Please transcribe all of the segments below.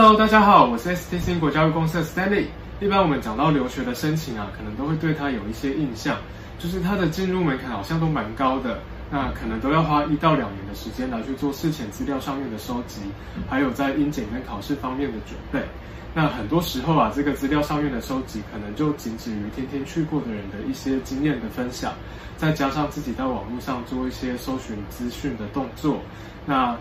Hello，大家好，我是 STC 國家教育公司 Stanley。一般我們講到留學的申請啊，可能都會對它有一些印象，就是它的進入門檻好像都蠻高的，那可能都要花一到兩年的時間來去做事前資料上面的收集，還有在英檢跟考試方面的準備。那很多時候啊，這個資料上面的收集可能就僅止於天天去過的人的一些經驗的分享，再加上自己在網絡上做一些搜尋資訊的動作。那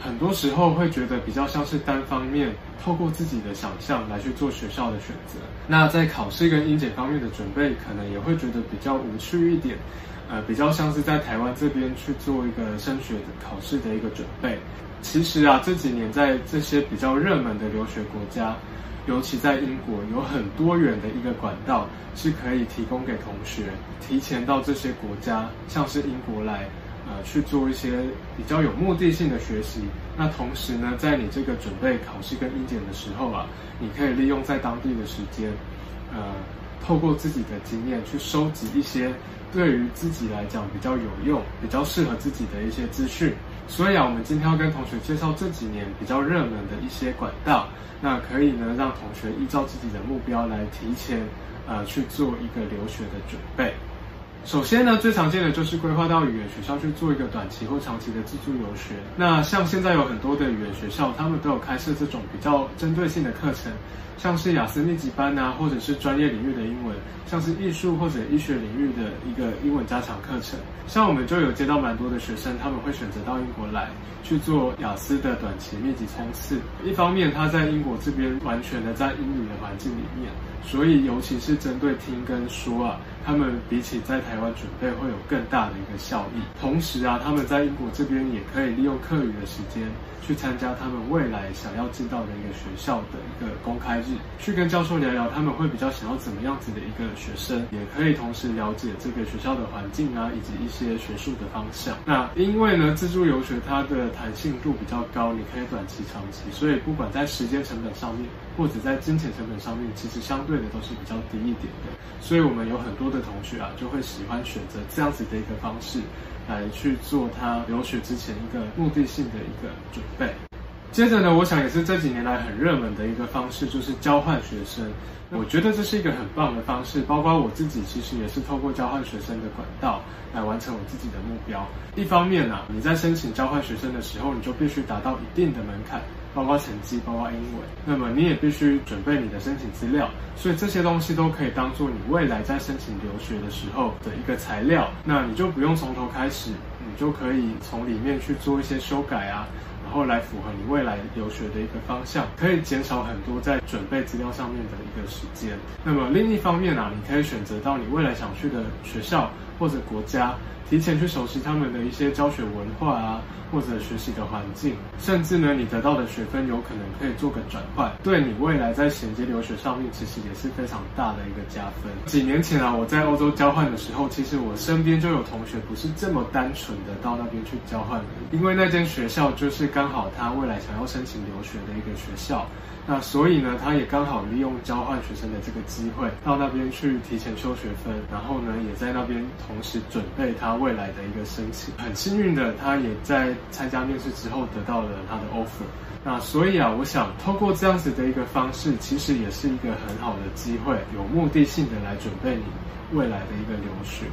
很多時候會覺得比較像是單方面透過自己的想象來去做學校的選擇，那在考試跟英檢方面的準備，可能也會覺得比較無趣一點，呃，比較像是在台灣這邊去做一個升學的考試的一個準備。其實啊，這幾年在這些比較熱門的留學國家，尤其在英國，有很多元的一個管道是可以提供給同學提前到這些國家，像是英國來。呃，去做一些比較有目的性的學習。那同時呢，在你這個準備考試跟應檢的時候啊，你可以利用在當地的時間，呃，透過自己的經驗去收集一些對於自己來講比較有用、比較適合自己的一些資訊。所以啊，我們今天要跟同學介紹這幾年比較熱門的一些管道，那可以呢讓同學依照自己的目標來提前，呃，去做一個留學的準備。首先呢，最常見的就是規劃到語言學校去做一個短期或長期的自助遊學。那像現在有很多的語言學校，他們都有開設這種比較針對性的課程，像是雅思密集班啊，或者是專業領域的英文，像是藝術或者醫學領域的一個英文加強課程。像我們就有接到蠻多的學生，他們會選擇到英國來去做雅思的短期密集衝刺。一方面，他在英國這邊完全的在英語的環境裡面。所以，尤其是針對聽跟說啊，他們比起在台灣準備會有更大的一個效益。同時啊，他們在英國這邊也可以利用課餘的時間去參加他們未來想要進到的一個學校的一個公開日，去跟教授聊聊他們會比較想要怎麼樣子的一個學生，也可以同時了解這個學校的環境啊，以及一些學術的方向。那因為呢，自助遊學它的彈性度比較高，你可以短期、長期，所以不管在時間成本上面，或者在金錢成本上面，其實相對。對的都是比較低一點的，所以我們有很多的同學啊，就會喜歡選擇這樣子的一個方式來去做他留學之前一個目的性的一個準備。接着呢，我想也是這幾年來很熱門的一個方式，就是交換學生。我覺得這是一個很棒的方式，包括我自己其實也是透過交換學生的管道來完成我自己的目標。一方面呢、啊，你在申請交換學生的時候，你就必須達到一定的門檻，包括成績，包括英文。那麼你也必須準備你的申請資料，所以這些東西都可以當做你未來在申請留學的時候的一個材料。那你就不用從頭開始，你就可以從裡面去做一些修改啊。後來符合你未來留學的一個方向，可以減少很多在準備資料上面的一個時間。那麼另一方面啊，你可以選擇到你未來想去的學校或者國家，提前去熟悉他們的一些教學文化啊，或者學習的環境，甚至呢，你得到的學分有可能可以做個轉換，對你未來在銜接留學上面其實也是非常大的一個加分。幾年前啊，我在歐洲交換的時候，其實我身邊就有同學不是這麼單純的到那邊去交換人，因為那間學校就是剛。剛好他未來想要申請留學的一個學校，那所以呢，他也剛好利用交換學生的這個機會到那邊去提前修學分，然後呢，也在那邊同時準備他未來的一個申請。很幸運的，他也在參加面試之後得到了他的 offer。那所以啊，我想通過這樣子的一個方式，其實也是一個很好的機會，有目的性的來準備你未來的一個留學。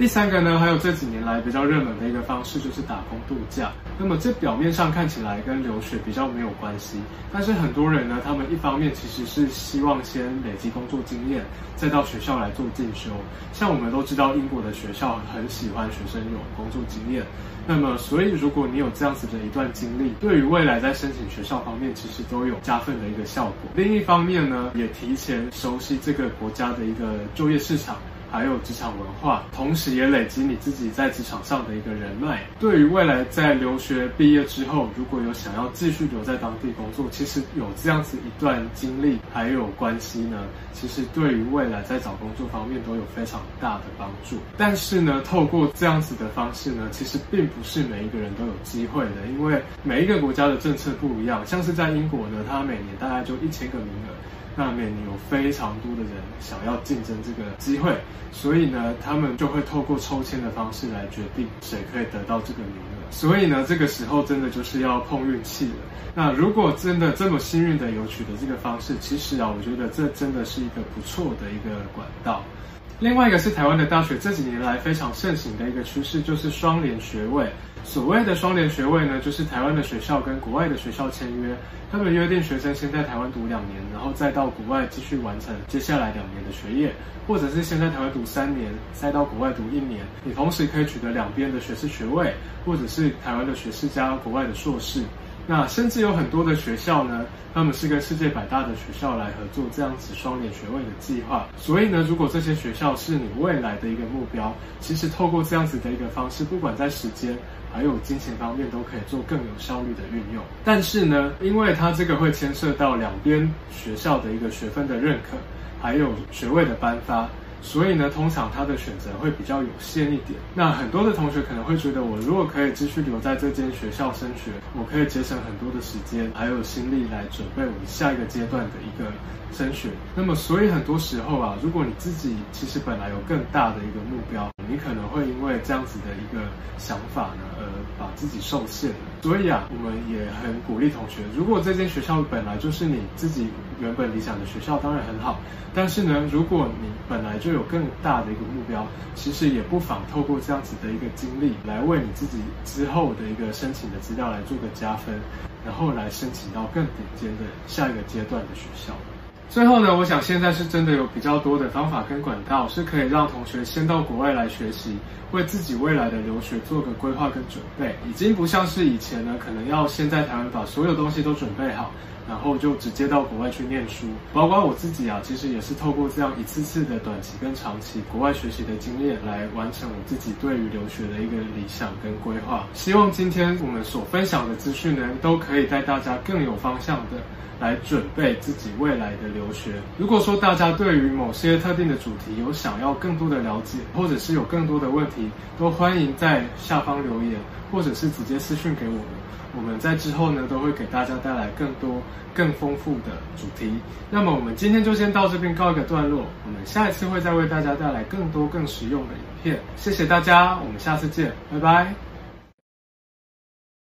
第三個呢，還有這幾年來比較熱門的一個方式，就是打工度假。那麼這表面上看起來跟留學比較沒有關係，但是很多人呢，他們一方面其實是希望先累積工作經驗，再到學校來做進修。像我們都知道，英國的學校很喜歡學生有工作經驗。那麼所以如果你有這樣子的一段經歷，對於未來在申請學校方面其實都有加分的一個效果。另一方面呢，也提前熟悉這個國家的一個就業市場。還有職場文化，同時也累積你自己在職場上的一個人脈。對於未來在留學畢業之後，如果有想要繼續留在當地工作，其實有這樣子一段經歷還有關係呢，其實對於未來在找工作方面都有非常大的幫助。但是呢，透過這樣子的方式呢，其實並不是每一個人都有機會的，因為每一個國家的政策不一樣。像是在英國呢，它每年大概就一千個名額。下面有非常多的人想要競爭這個機會，所以呢，他們就會透過抽籤的方式來決定誰可以得到這個名額。所以呢，這個時候真的就是要碰運氣了。那如果真的這麼幸運的有取得這個方式，其實啊，我覺得這真的是一個不錯的一個管道。另外一個是台灣的大學，這幾年來非常盛行的一個趨勢就是雙聯學位。所謂的雙聯學位呢，就是台灣的學校跟國外的學校簽約，他們約定學生先在台灣讀兩年，然後再到國外繼續完成接下來兩年的學業，或者是先在台灣讀三年，再到國外讀一年，你同時可以取得兩邊的學士學位，或者是台灣的學士加國外的碩士。那甚至有很多的學校呢，他們是跟世界百大的學校來合作這樣子雙聯學位的計劃。所以呢，如果這些學校是你未來的一個目標，其實透過這樣子的一個方式，不管在時間還有金錢方面，都可以做更有效率的運用。但是呢，因為它這個會牽涉到兩邊學校的一個學分的認可，還有學位的頒發。所以呢，通常他的選擇會比較有限一點。那很多的同學可能會覺得，我如果可以繼續留在這間學校升學，我可以節省很多的時間，還有心力來準備我們下一個階段的一個升學。那麼，所以很多時候啊，如果你自己其實本來有更大的一個目標，你可能會因為這樣子的一個想法呢，而把自己受限了，所以啊，我們也很鼓勵同學，如果這間學校本來就是你自己原本理想的學校，當然很好。但是呢，如果你本來就有更大的一個目標，其實也不妨透過這樣子的一個經歷，來為你自己之後的一個申請的資料來做個加分，然後來申請到更頂尖的下一個階段的學校。最後呢，我想現在是真的有比較多的方法跟管道，是可以讓同學先到國外來學習，為自己未來的留學做個規劃跟準備，已經不像是以前呢，可能要先在台灣把所有東西都準備好。然後就直接到國外去念書，包括我自己啊，其實也是透過這樣一次次的短期跟長期國外學習的經驗，來完成我自己對於留學的一個理想跟規劃。希望今天我們所分享的資訊呢，都可以帶大家更有方向的來準備自己未來的留學。如果說大家對於某些特定的主題有想要更多的了解，或者是有更多的問題，都歡迎在下方留言，或者是直接私訊給我們。我們在之後呢，都會給大家帶來更多更豐富的主題。那麼我們今天就先到這邊告一個段落，我們下一次會再為大家帶來更多更實用的影片。謝謝大家，我們下次見，拜拜。